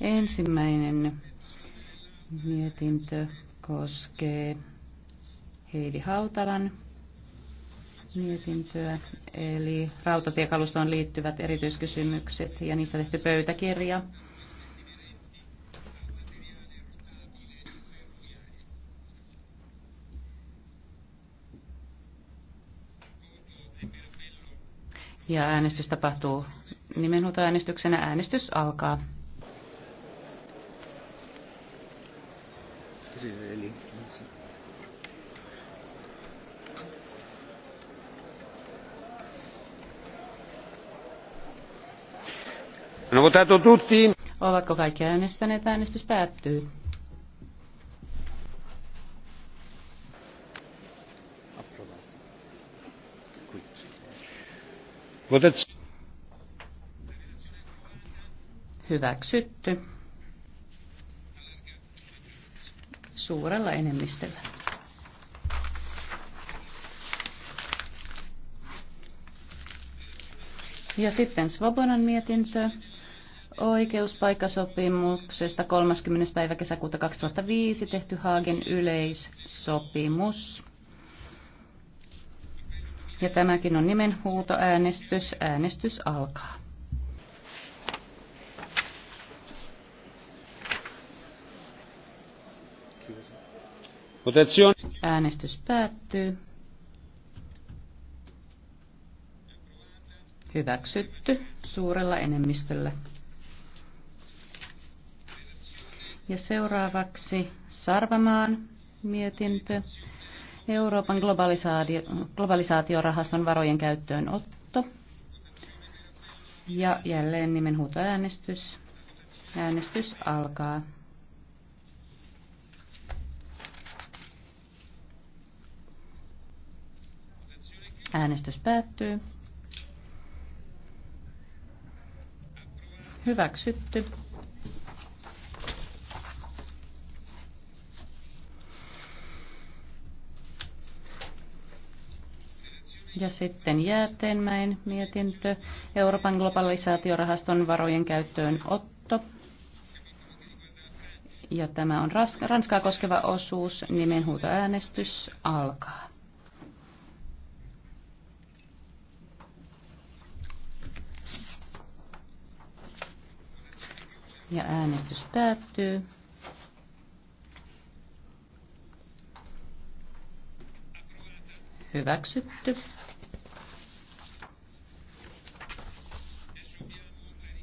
Ensimmäinen mietintö koskee Heidi Hautalan mietintöä, eli rautatiekalustoon liittyvät erityiskysymykset ja niistä tehty pöytäkirja. Ja äänestys tapahtuu nimenhuutoäänestyksenä. Äänestys alkaa. Ovatko kaikki äänestäneet? Äänestys päättyy. Hyväksytty. suurella enemmistöllä. Ja sitten Svobodan mietintö oikeuspaikkasopimuksesta 30. päivä kesäkuuta 2005 tehty Haagen yleissopimus. Ja tämäkin on nimenhuutoäänestys. Äänestys alkaa. Äänestys päättyy. Hyväksytty suurella enemmistöllä. Ja seuraavaksi Sarvamaan mietintö. Euroopan globalisaatio, globalisaatiorahaston varojen otto. Ja jälleen nimenhuutoäänestys. Äänestys alkaa. Äänestys päättyy. Hyväksytty. Ja sitten Jäätteenmäen mietintö, Euroopan globalisaatiorahaston varojen käyttöön otto. Ja tämä on Ranskaa koskeva osuus, nimenhuutoäänestys alkaa. Ja äänestys päättyy. Hyväksytty.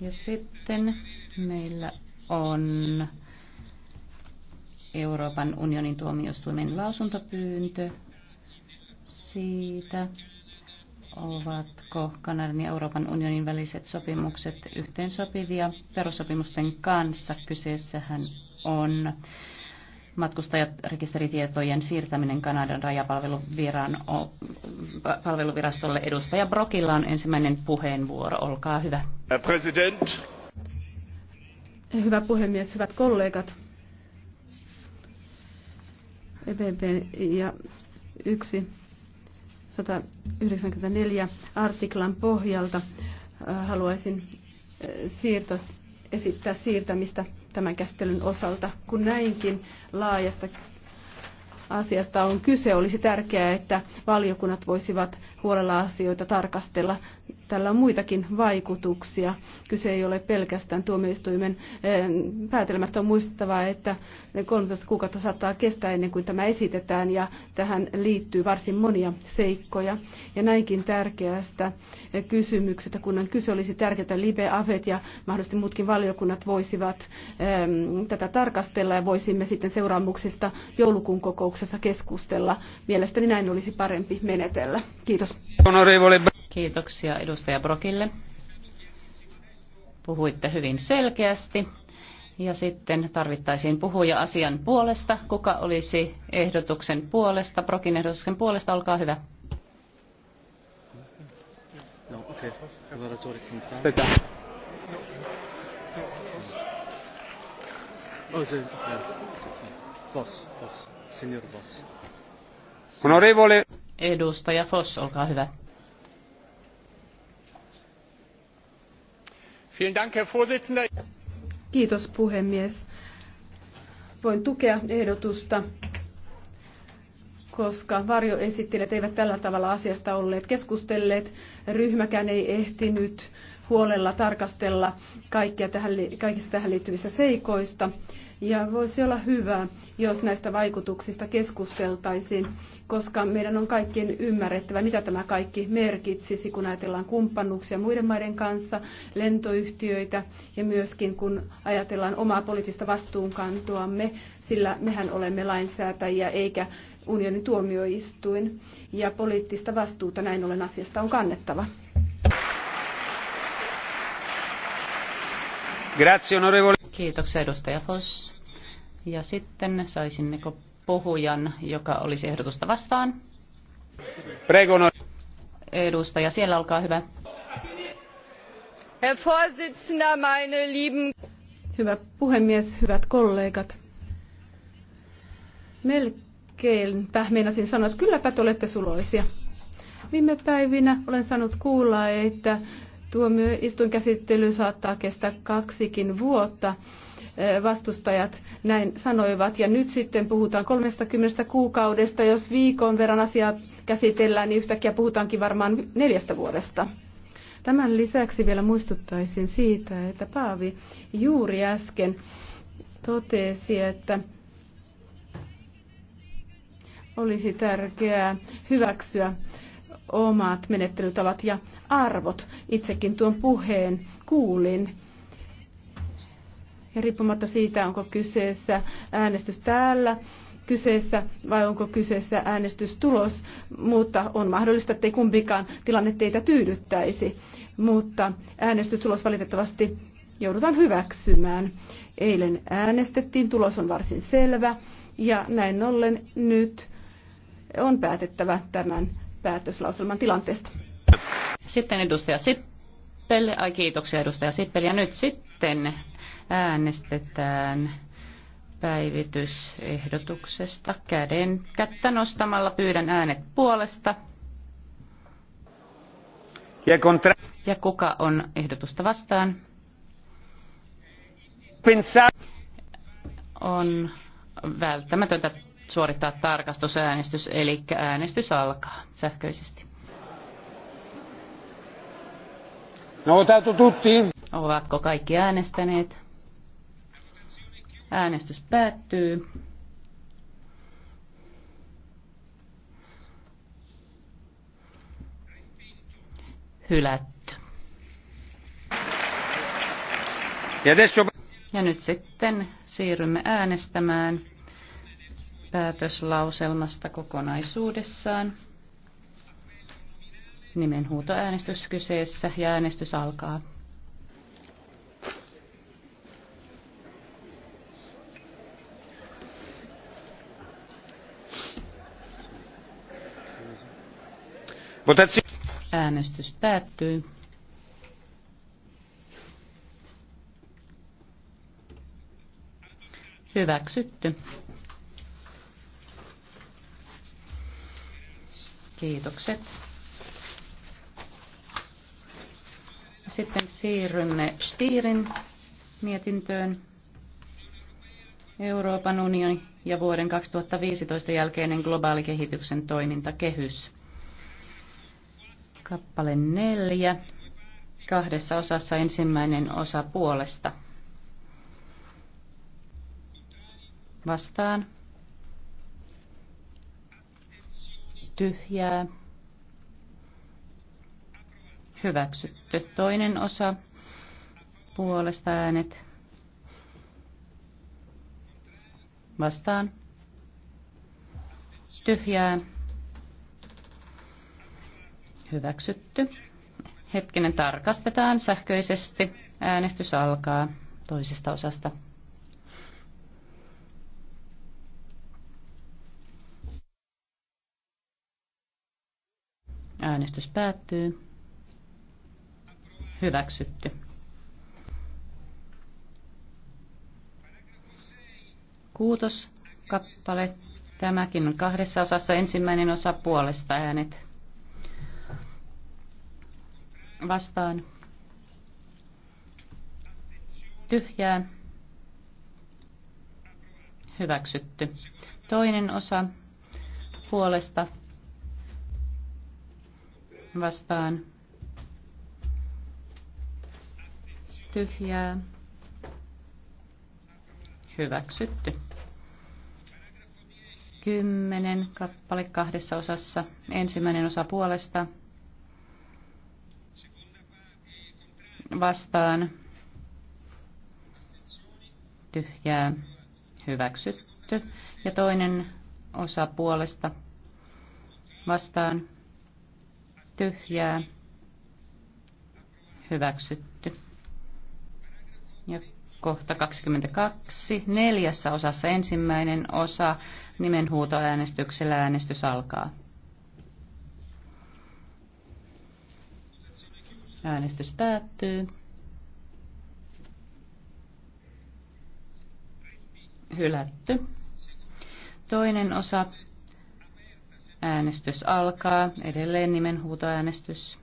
Ja sitten meillä on Euroopan unionin tuomioistuimen lausuntopyyntö siitä, ovatko Kanadan ja Euroopan unionin väliset sopimukset yhteensopivia perussopimusten kanssa. Kyseessähän on rekisteritietojen siirtäminen Kanadan rajapalveluvirastolle. Edustaja Brokilla on ensimmäinen puheenvuoro. Olkaa hyvä. President. Hyvä puhemies, hyvät kollegat. EPP ja yksi 194 artiklan pohjalta haluaisin siirto, esittää siirtämistä tämän käsittelyn osalta. Kun näinkin laajasta asiasta on kyse, olisi tärkeää, että valiokunnat voisivat huolella asioita tarkastella tällä on muitakin vaikutuksia. Kyse ei ole pelkästään tuomioistuimen eh, päätelmästä. On muistettava, että 13 kuukautta saattaa kestää ennen kuin tämä esitetään ja tähän liittyy varsin monia seikkoja. Ja näinkin tärkeästä eh, kysymyksestä, kun kyse olisi tärkeää, Libe, Avet ja mahdollisesti muutkin valiokunnat voisivat eh, tätä tarkastella ja voisimme sitten seuraamuksista joulukuun kokouksessa keskustella. Mielestäni näin olisi parempi menetellä. Kiitos. Kiitoksia edustaja Brokille. Puhuitte hyvin selkeästi. Ja sitten tarvittaisiin puhuja asian puolesta. Kuka olisi ehdotuksen puolesta? Brokin ehdotuksen puolesta, olkaa hyvä. No, oh, edustaja Foss, olkaa hyvä. Kiitos puhemies. Voin tukea ehdotusta, koska varjoesittelijät eivät tällä tavalla asiasta olleet keskustelleet. Ryhmäkään ei ehtinyt huolella tarkastella kaikkia tähän, kaikista tähän liittyvistä seikoista. Ja voisi olla hyvä, jos näistä vaikutuksista keskusteltaisiin, koska meidän on kaikkien ymmärrettävä, mitä tämä kaikki merkitsisi, kun ajatellaan kumppanuuksia muiden maiden kanssa, lentoyhtiöitä ja myöskin kun ajatellaan omaa poliittista vastuunkantoamme, sillä mehän olemme lainsäätäjiä eikä unionin tuomioistuin. Ja poliittista vastuuta näin ollen asiasta on kannettava. Grazie, onorevole. Kiitoksia edustaja Foss. Ja sitten saisimmeko puhujan, joka olisi ehdotusta vastaan? Pregono. Edustaja, siellä olkaa hyvä. Herr Vorsitzender, meine lieben... Hyvä puhemies, hyvät kollegat. Melkeinpä meinasin sanoa, että kylläpä te olette suloisia. Viime päivinä olen saanut kuulla, että käsittely saattaa kestää kaksikin vuotta vastustajat näin sanoivat. Ja nyt sitten puhutaan 30 kuukaudesta. Jos viikon verran asiaa käsitellään, niin yhtäkkiä puhutaankin varmaan neljästä vuodesta. Tämän lisäksi vielä muistuttaisin siitä, että Paavi juuri äsken totesi, että olisi tärkeää hyväksyä omat menettelytavat ja arvot. Itsekin tuon puheen kuulin. Ja riippumatta siitä, onko kyseessä äänestys täällä, kyseessä vai onko kyseessä äänestystulos, mutta on mahdollista, että ei kumpikaan tilanne teitä tyydyttäisi. Mutta äänestystulos valitettavasti joudutaan hyväksymään. Eilen äänestettiin, tulos on varsin selvä ja näin ollen nyt on päätettävä tämän päätöslauselman tilanteesta. Sitten edustaja Sippel. Ai, kiitoksia edustaja Sippel. Ja nyt sitten äänestetään päivitysehdotuksesta. Käden kättä nostamalla pyydän äänet puolesta. Ja kuka on ehdotusta vastaan? On välttämätöntä suorittaa tarkastusäänestys, eli äänestys alkaa sähköisesti. No, tuttiin. Ovatko kaikki äänestäneet? Äänestys päättyy. Hylätty. Ja nyt sitten siirrymme äänestämään päätöslauselmasta kokonaisuudessaan. Nimenhuutoäänestys kyseessä ja äänestys alkaa. Äänestys päättyy. Hyväksytty. Kiitokset. Sitten siirrymme Stiirin mietintöön. Euroopan unioni ja vuoden 2015 jälkeinen globaali kehityksen toimintakehys. Kappale neljä. Kahdessa osassa ensimmäinen osa puolesta. Vastaan. tyhjää, hyväksytty. Toinen osa puolesta äänet vastaan, tyhjää, hyväksytty. Hetkinen tarkastetaan sähköisesti. Äänestys alkaa toisesta osasta. Äänestys päättyy. Hyväksytty. Kuutos kappale. Tämäkin on kahdessa osassa ensimmäinen osa puolesta äänet. Vastaan. Tyhjää. Hyväksytty. Toinen osa puolesta vastaan tyhjää hyväksytty. Kymmenen kappale kahdessa osassa. Ensimmäinen osa puolesta vastaan tyhjää hyväksytty. Ja toinen osa puolesta vastaan tyhjää, hyväksytty. Ja kohta 22, neljässä osassa ensimmäinen osa, nimenhuutoäänestyksellä äänestys alkaa. Äänestys päättyy. Hylätty. Toinen osa Äänestys alkaa. Edelleen nimenhuutoäänestys.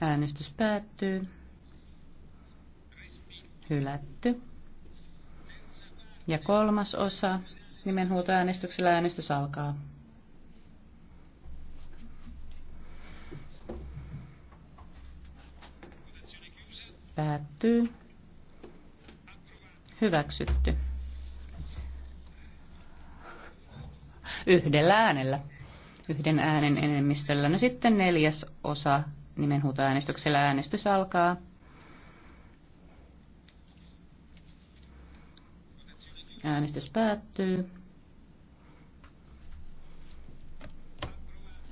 Äänestys päättyy. Hylätty. Ja kolmas osa. Nimenhuutoäänestyksellä äänestys alkaa. Päättyy. Hyväksytty. Yhdellä äänellä. Yhden äänen enemmistöllä. No sitten neljäs osa nimenhuutoäänestyksellä äänestys alkaa. Äänestys päättyy.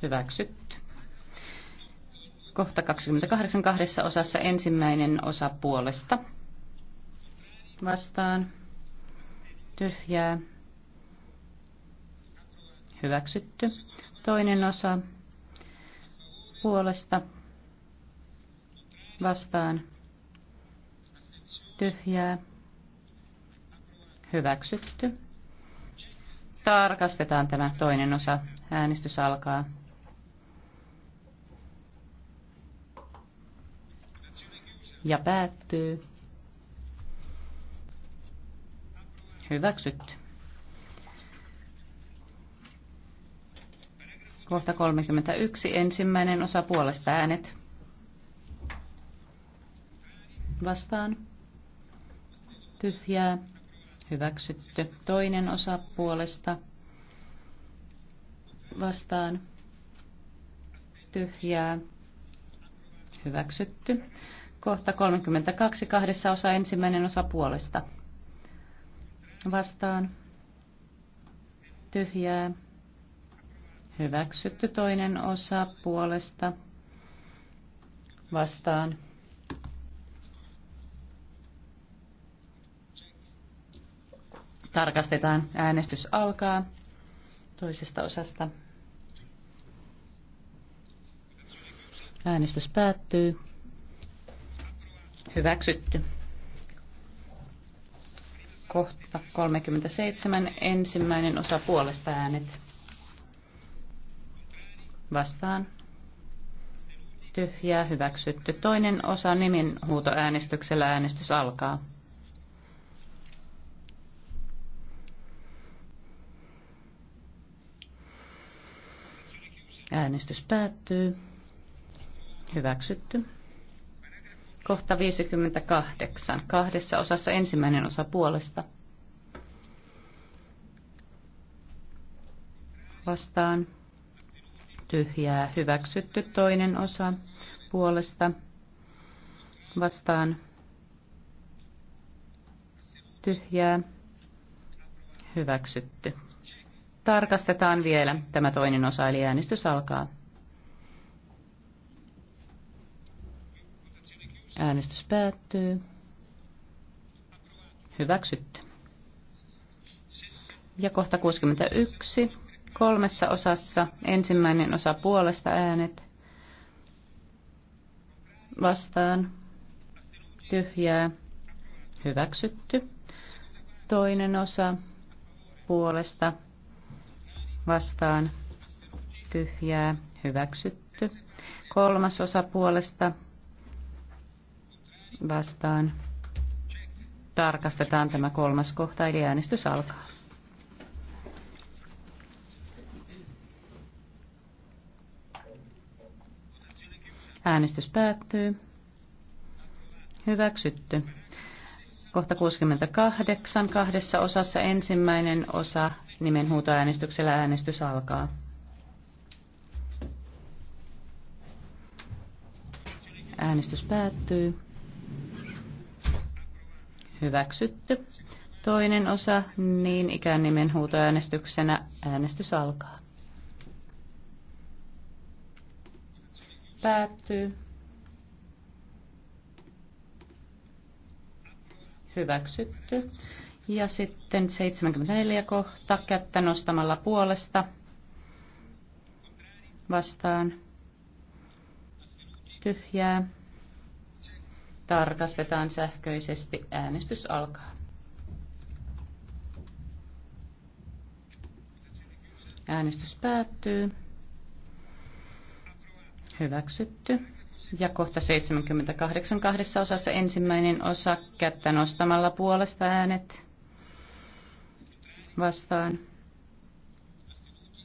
Hyväksytty. Kohta 28 kahdessa osassa ensimmäinen osa puolesta vastaan tyhjää hyväksytty. Toinen osa puolesta vastaan tyhjää hyväksytty. Tarkastetaan tämä toinen osa. Äänestys alkaa. Ja päättyy. Hyväksytty. Kohta 31. Ensimmäinen osa puolesta äänet. Vastaan. Tyhjää. Hyväksytty. Toinen osa puolesta. Vastaan. Tyhjää. Hyväksytty. Kohta 32. Kahdessa osa ensimmäinen osa puolesta vastaan tyhjää. Hyväksytty toinen osa puolesta vastaan. Tarkastetaan. Äänestys alkaa toisesta osasta. Äänestys päättyy. Hyväksytty kohta 37, ensimmäinen osa puolesta äänet. Vastaan. Tyhjää hyväksytty. Toinen osa nimen huutoäänestyksellä äänestys alkaa. Äänestys päättyy. Hyväksytty. Kohta 58. Kahdessa osassa ensimmäinen osa puolesta. Vastaan. Tyhjää. Hyväksytty toinen osa puolesta. Vastaan. Tyhjää. Hyväksytty. Tarkastetaan vielä tämä toinen osa, eli äänestys alkaa. Äänestys päättyy. Hyväksytty. Ja kohta 61. Kolmessa osassa ensimmäinen osa puolesta äänet. Vastaan. Tyhjää. Hyväksytty. Toinen osa puolesta vastaan tyhjää hyväksytty. Kolmas osa puolesta vastaan. Tarkastetaan tämä kolmas kohta, eli äänestys alkaa. Äänestys päättyy. Hyväksytty. Kohta 68 kahdessa osassa ensimmäinen osa nimenhuutoäänestyksellä äänestys alkaa. Äänestys päättyy. Hyväksytty. Toinen osa niin ikään nimen huutoäänestyksenä. Äänestys alkaa. Päättyy. Hyväksytty. Ja sitten 74 kohta kättä nostamalla puolesta vastaan tyhjää Tarkastetaan sähköisesti. Äänestys alkaa. Äänestys päättyy. Hyväksytty. Ja kohta 78 kahdessa osassa ensimmäinen osa kättä nostamalla puolesta äänet vastaan.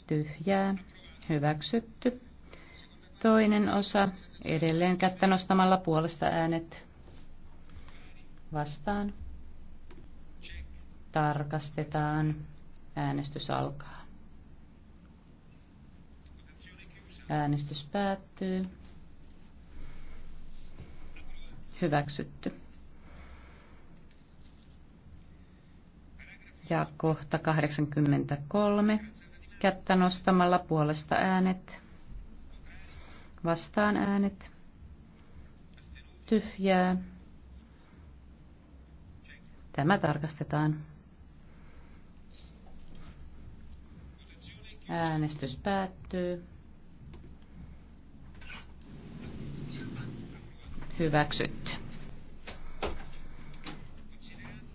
Tyhjää. Hyväksytty. Toinen osa edelleen kättä nostamalla puolesta äänet vastaan. Tarkastetaan. Äänestys alkaa. Äänestys päättyy. Hyväksytty. Ja kohta 83. Kättä nostamalla puolesta äänet. Vastaan äänet. Tyhjää. Tämä tarkastetaan. Äänestys päättyy. Hyväksytty.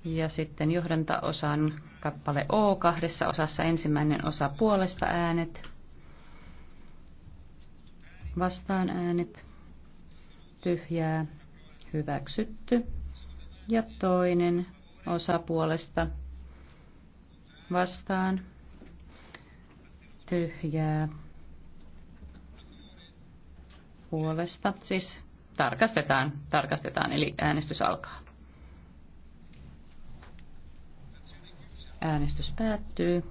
Ja sitten johdantaosan kappale O kahdessa osassa ensimmäinen osa puolesta äänet. Vastaan äänet. Tyhjää. Hyväksytty. Ja toinen osapuolesta vastaan tyhjää puolesta. Siis tarkastetaan, tarkastetaan, eli äänestys alkaa. Äänestys päättyy.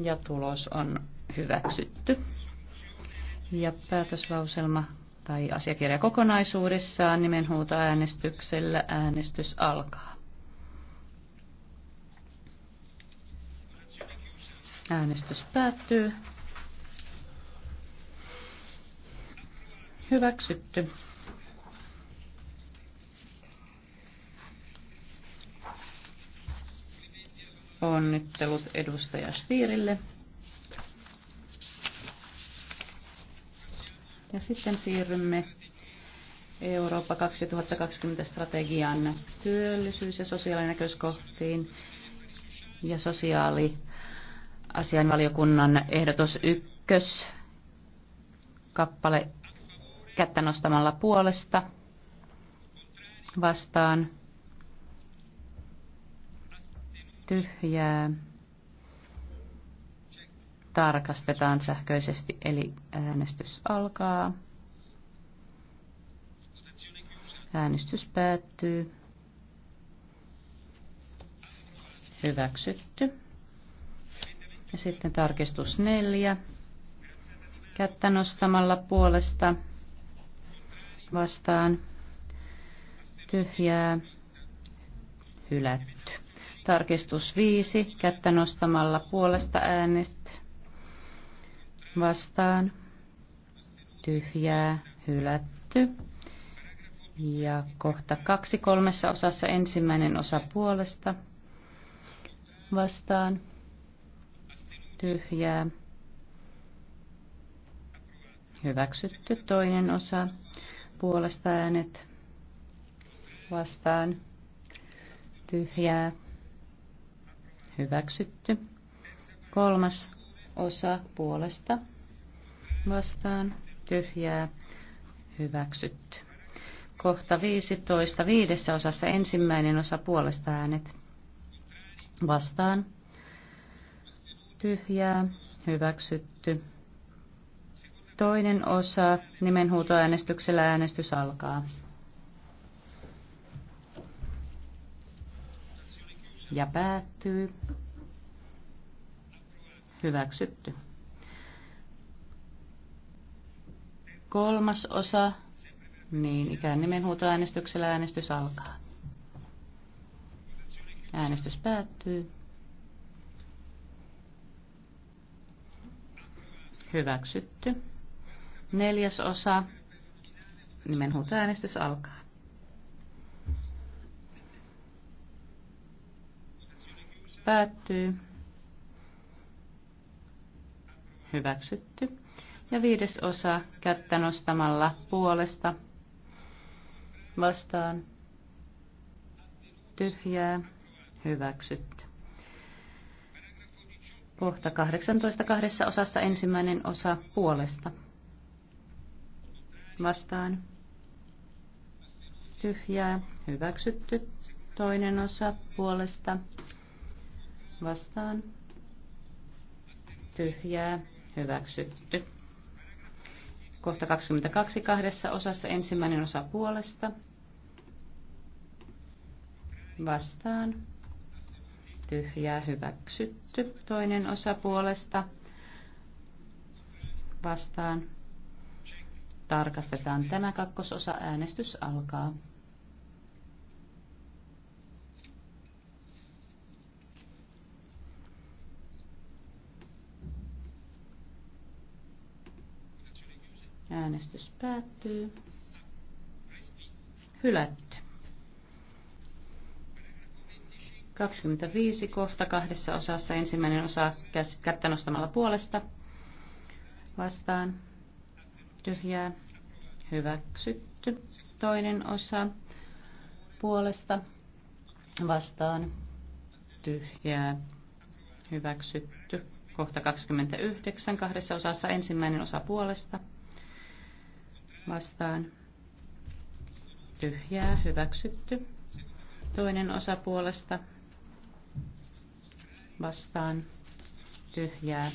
Ja tulos on hyväksytty. Ja päätöslauselma tai asiakirja kokonaisuudessaan niin äänestyksellä äänestys alkaa. Äänestys päättyy. Hyväksytty. Onnittelut edustaja Stiirille. Ja sitten siirrymme Eurooppa 2020 strategian työllisyys- ja sosiaalinäköiskohtiin ja sosiaaliasianvaliokunnan ehdotus ykkös kappale kättä nostamalla puolesta vastaan tyhjää tarkastetaan sähköisesti, eli äänestys alkaa. Äänestys päättyy. Hyväksytty. Ja sitten tarkistus neljä. Kättä nostamalla puolesta vastaan tyhjää hylätty. Tarkistus viisi Kättä nostamalla puolesta äänestä vastaan tyhjää hylätty. Ja kohta kaksi kolmessa osassa ensimmäinen osa puolesta vastaan tyhjää hyväksytty toinen osa puolesta äänet vastaan tyhjää hyväksytty kolmas osa puolesta vastaan tyhjää hyväksytty. Kohta 15. Viidessä osassa ensimmäinen osa puolesta äänet vastaan tyhjää hyväksytty. Toinen osa nimenhuutoäänestyksellä äänestys alkaa. Ja päättyy. Hyväksytty. Kolmas osa. Niin, ikään huutoäänestyksellä äänestys alkaa. Äänestys päättyy. Hyväksytty. Neljäs osa. Nimenhuutoäänestys alkaa. Päättyy hyväksytty. Ja viides osa kättä nostamalla puolesta vastaan tyhjää hyväksytty. Kohta 18 kahdessa osassa ensimmäinen osa puolesta vastaan tyhjää hyväksytty. Toinen osa puolesta vastaan tyhjää hyväksytty. Kohta 22 kahdessa osassa ensimmäinen osa puolesta. Vastaan. Tyhjää hyväksytty. Toinen osa puolesta. Vastaan. Tarkastetaan tämä kakkososa. Äänestys alkaa. Äänestys päättyy. Hylätty. 25 kohta kahdessa osassa. Ensimmäinen osa kättä nostamalla puolesta. Vastaan. Tyhjää. Hyväksytty. Toinen osa puolesta. Vastaan. Tyhjää. Hyväksytty. Kohta 29 kahdessa osassa. Ensimmäinen osa puolesta vastaan tyhjää hyväksytty. Toinen osa puolesta vastaan tyhjää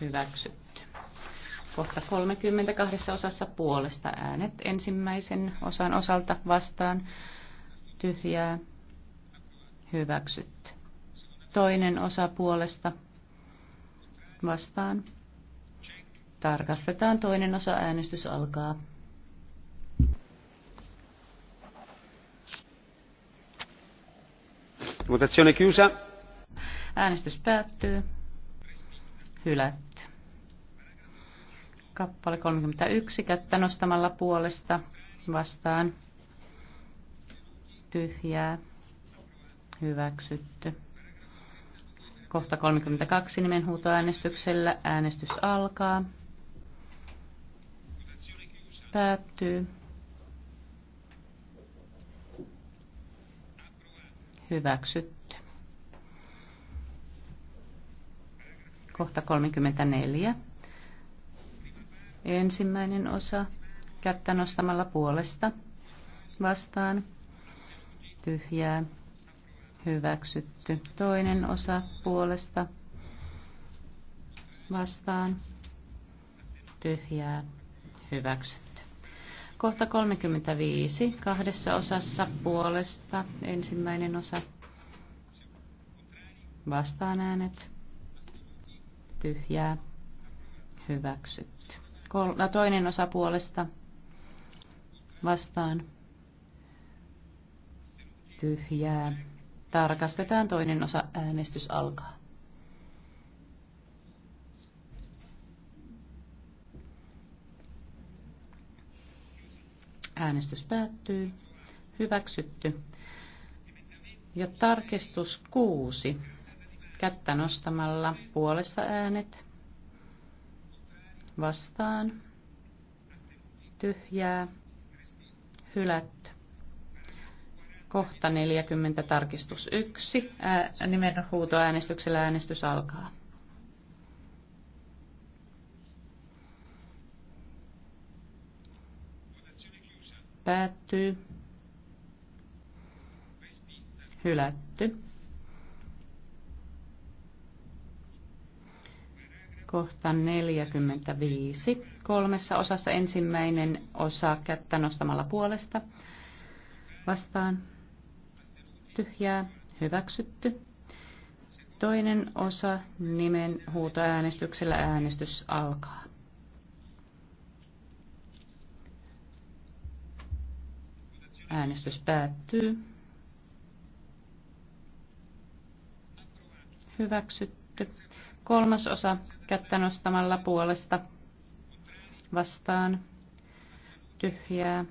hyväksytty. Kohta 32 osassa puolesta äänet ensimmäisen osan osalta vastaan tyhjää hyväksytty. Toinen osa puolesta vastaan Tarkastetaan toinen osa. Äänestys alkaa. Votazione chiusa. Äänestys päättyy. Hylätty. Kappale 31 kättä nostamalla puolesta vastaan. Tyhjää. Hyväksytty. Kohta 32 nimenhuutoäänestyksellä äänestys alkaa. Päättyy. Hyväksytty. Kohta 34. Ensimmäinen osa. Kättä nostamalla puolesta. Vastaan. Tyhjää. Hyväksytty. Toinen osa puolesta. Vastaan. Tyhjää. Hyväksytty. Kohta 35 kahdessa osassa puolesta. Ensimmäinen osa. Vastaan äänet. Tyhjää. Hyväksytty. Kol- no, toinen osa puolesta. Vastaan. Tyhjää. Tarkastetaan toinen osa. Äänestys alkaa. Äänestys päättyy. Hyväksytty. Ja tarkistus kuusi. Kättä nostamalla puolessa äänet. Vastaan. Tyhjää. Hylätty. Kohta 40 tarkistus 1. Ää, nimenhuutoäänestyksellä äänestys alkaa. päättyy. Hylätty. Kohta 45. Kolmessa osassa ensimmäinen osa kättä nostamalla puolesta. Vastaan. Tyhjää. Hyväksytty. Toinen osa nimen huutoäänestyksellä äänestys alkaa. Äänestys päättyy. Hyväksytty. Kolmas osa kättä nostamalla puolesta vastaan. Tyhjää.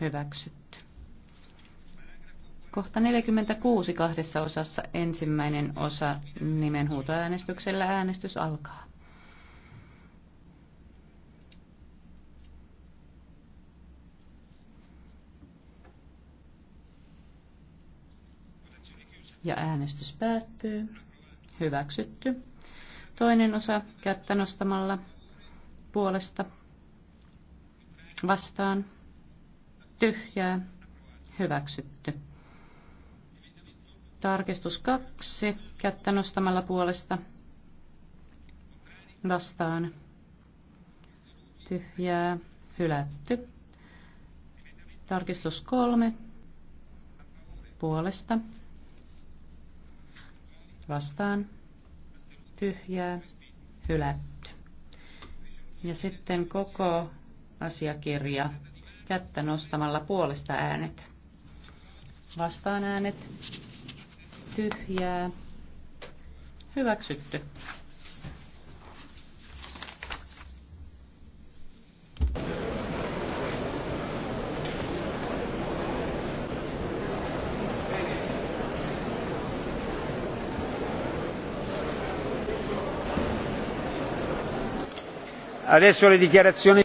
Hyväksytty. Kohta 46 kahdessa osassa ensimmäinen osa nimenhuutoäänestyksellä äänestys alkaa. ja äänestys päättyy. Hyväksytty. Toinen osa kättä nostamalla puolesta vastaan. Tyhjää. Hyväksytty. Tarkistus kaksi kättä nostamalla puolesta vastaan. Tyhjää. Hylätty. Tarkistus kolme puolesta vastaan tyhjää hylätty. Ja sitten koko asiakirja kättä nostamalla puolesta äänet. Vastaan äänet tyhjää hyväksytty.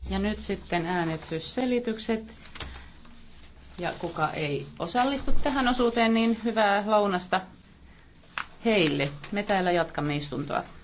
Ja nyt sitten äänestysselitykset. Ja kuka ei osallistu tähän osuuteen, niin hyvää lounasta heille. Me täällä jatkamme istuntoa.